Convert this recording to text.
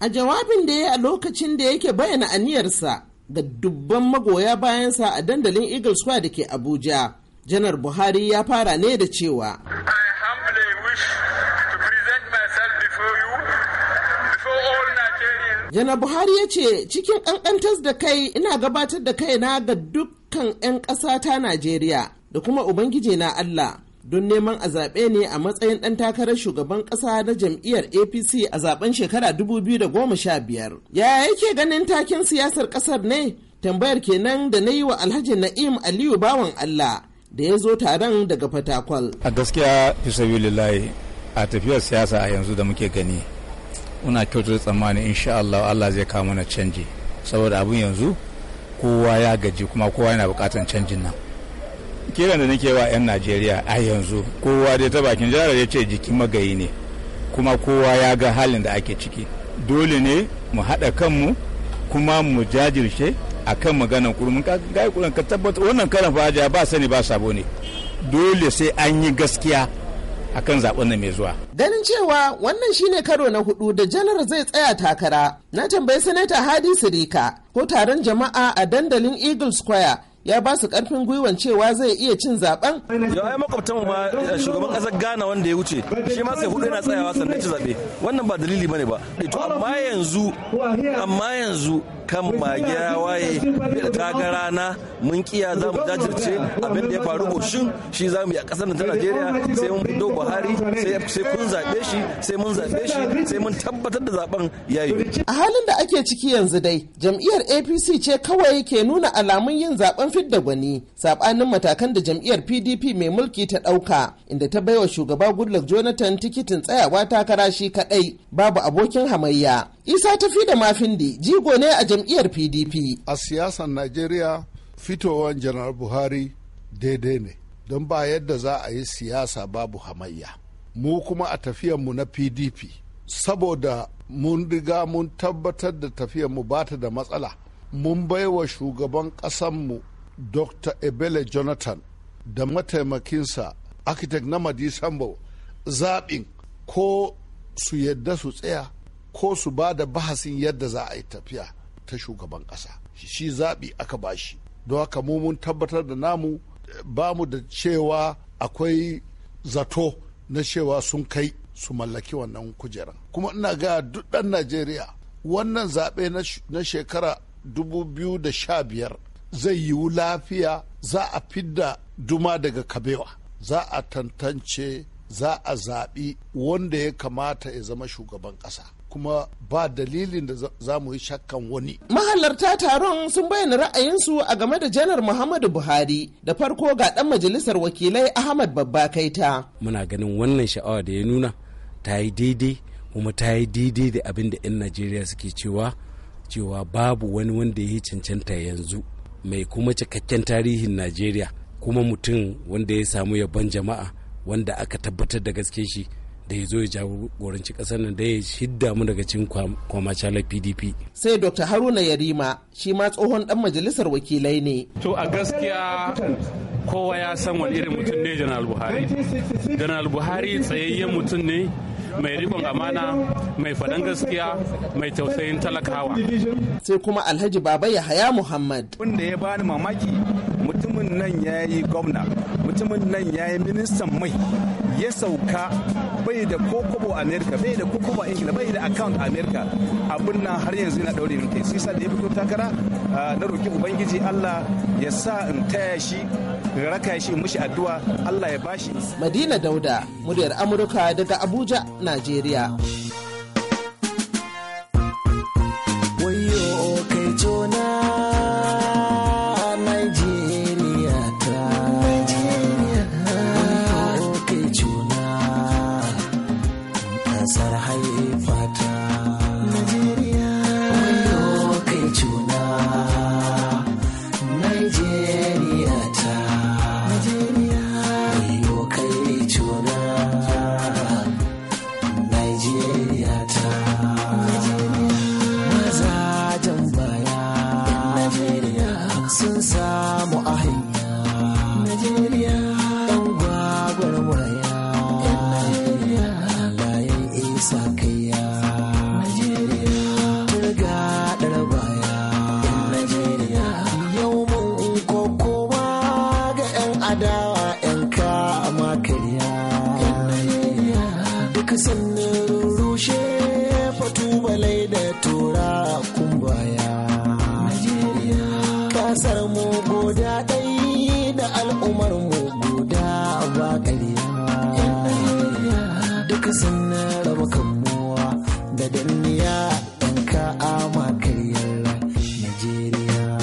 A jawabin da ya a lokacin da yake bayyana aniyarsa ga dubban magoya bayansa a dandalin Eagle Square da ke Abuja, Janar Buhari ya fara ne da cewa. Janar Buhari ya ce cikin ƙanƙantas da kai ina gabatar da kaina ga dukkan 'yan ƙasa ta Najeriya da kuma Ubangiji na Allah. don neman a zaɓe ne a matsayin ɗan takarar shugaban ƙasa na jam'iyyar apc a zaben shekara dubu biyu da goma 2015 yaya yake ganin takin siyasar ƙasar ne tambayar kenan da na yi wa alhaji na'im aliyu bawan allah da ya zo taron daga fatakwal a gaskiya fisabilillahi a tafiyar siyasa a yanzu da muke gani muna kyautar tsammani insha Allah Allah zai kawo mana canji saboda abun yanzu kowa ya gaji kuma kowa yana bukatar canjin nan kiran da nake wa 'yan najeriya a yanzu kowa dai ta bakin jihar ya ce jiki magayi ne kuma kowa ya ga halin da ake ciki dole ne mu haɗa kanmu kuma mu jajirce a kan maganan kurmin gaya kurin ka tabbata wannan karan faja ba sani ba sabo ne dole sai an yi gaskiya a kan zaɓen nan mai zuwa. Ganin cewa wannan shine karo na hudu da janar zai tsaya takara na tambayi sanata Hadi Sirika ko taron jama'a a dandalin Eagle Square ya ba su karfin gwiwan cewa zai iya cin zaben. Ya ai makwabtanmu ma eh, shugaban kasar Ghana wanda ya wuce shi ma sai hudu yana tsayawa sannan ci zaɓe Wannan ba dalili bane ba. Eh, to amma yanzu amma yanzu kan mage ya waye ta ga rana mun kiya za mu jajirce abin da ya faru goshin shi za mu yi a ƙasar ta Najeriya sai mun fito Buhari sai kun zaɓe shi sai mun zaɓe shi sai mun tabbatar da zaben yayi. A halin da ake ciki yanzu dai jam'iyyar APC ce kawai ke nuna alamun yin zaben fidda gwani saɓanin matakan da jam'iyyar PDP mai mulki ta ɗauka inda ta baiwa shugaba Goodluck Jonathan tikitin tsayawa takara shi kaɗai babu abokin hamayya. isa tafi da mafindi jigo ne a jam'iyyar pdp a siyasar najeriya fitowar janar buhari daidai ne don ba yadda za a yi siyasa babu hamayya mu kuma a tafiyarmu na pdp saboda mun riga mun tabbatar da tafiyarmu ba ta da matsala mun baiwa shugaban ƙasanmu dr ebele jonathan da mataimakinsa architect na madisambo zaɓin ko su yadda su tsaya ko su ba da bahasin yadda za a yi tafiya ta shugaban ƙasa shi zaɓi aka bashi don haka mu mun tabbatar da namu ba mu da cewa akwai zato na cewa sun kai su mallaki wannan kujeran kuma ina ga duk ɗan najeriya wannan zaɓe na shekara 2015 zai yiwu lafiya za a fidda duma daga kabewa za a tantance za a zaɓi wanda ya kamata ya zama shugaban ƙasa kuma ba dalilin da za mu yi shakkan wani. Mahalarta taron sun bayyana ra'ayinsu a game da janar Muhammadu Buhari da farko ga ɗan majalisar wakilai Ahmad Babba Kaita. Muna ganin wannan sha'awa da ya nuna ta yi daidai kuma ta yi daidai da abin da 'yan Najeriya suke cewa cewa babu wani wanda ya yi cancanta yanzu mai kuma cikakken tarihin Najeriya kuma mutum wanda ya samu yabon jama'a wanda aka tabbatar da gaske shi da ya zo ya jagoranci kasar nan da ya shidda mu daga cikin kwamacalar pdp sai dr haruna yarima shi ma tsohon dan majalisar wakilai ne to a gaskiya kowa ya san wani irin mutum ne janar buhari janar buhari tsayayyen mutum ne mai rikon amana mai faɗan gaskiya mai tausayin talakawa sai kuma alhaji baba yahaya muhammad wanda ya bani mamaki mutumin nan ya yi gwamna mutumin nan ya yi ministan mai ya sauka bai da kokobo america bai da ko kobo a ingila bai da account a america abin nan har yanzu yana daure min sai da ya fito takara ah, na roki ubangiji allah ya sa in taya shi raka shi mushi addu'a allah ya bashi madina dauda muryar amurka daga abuja nigeria. because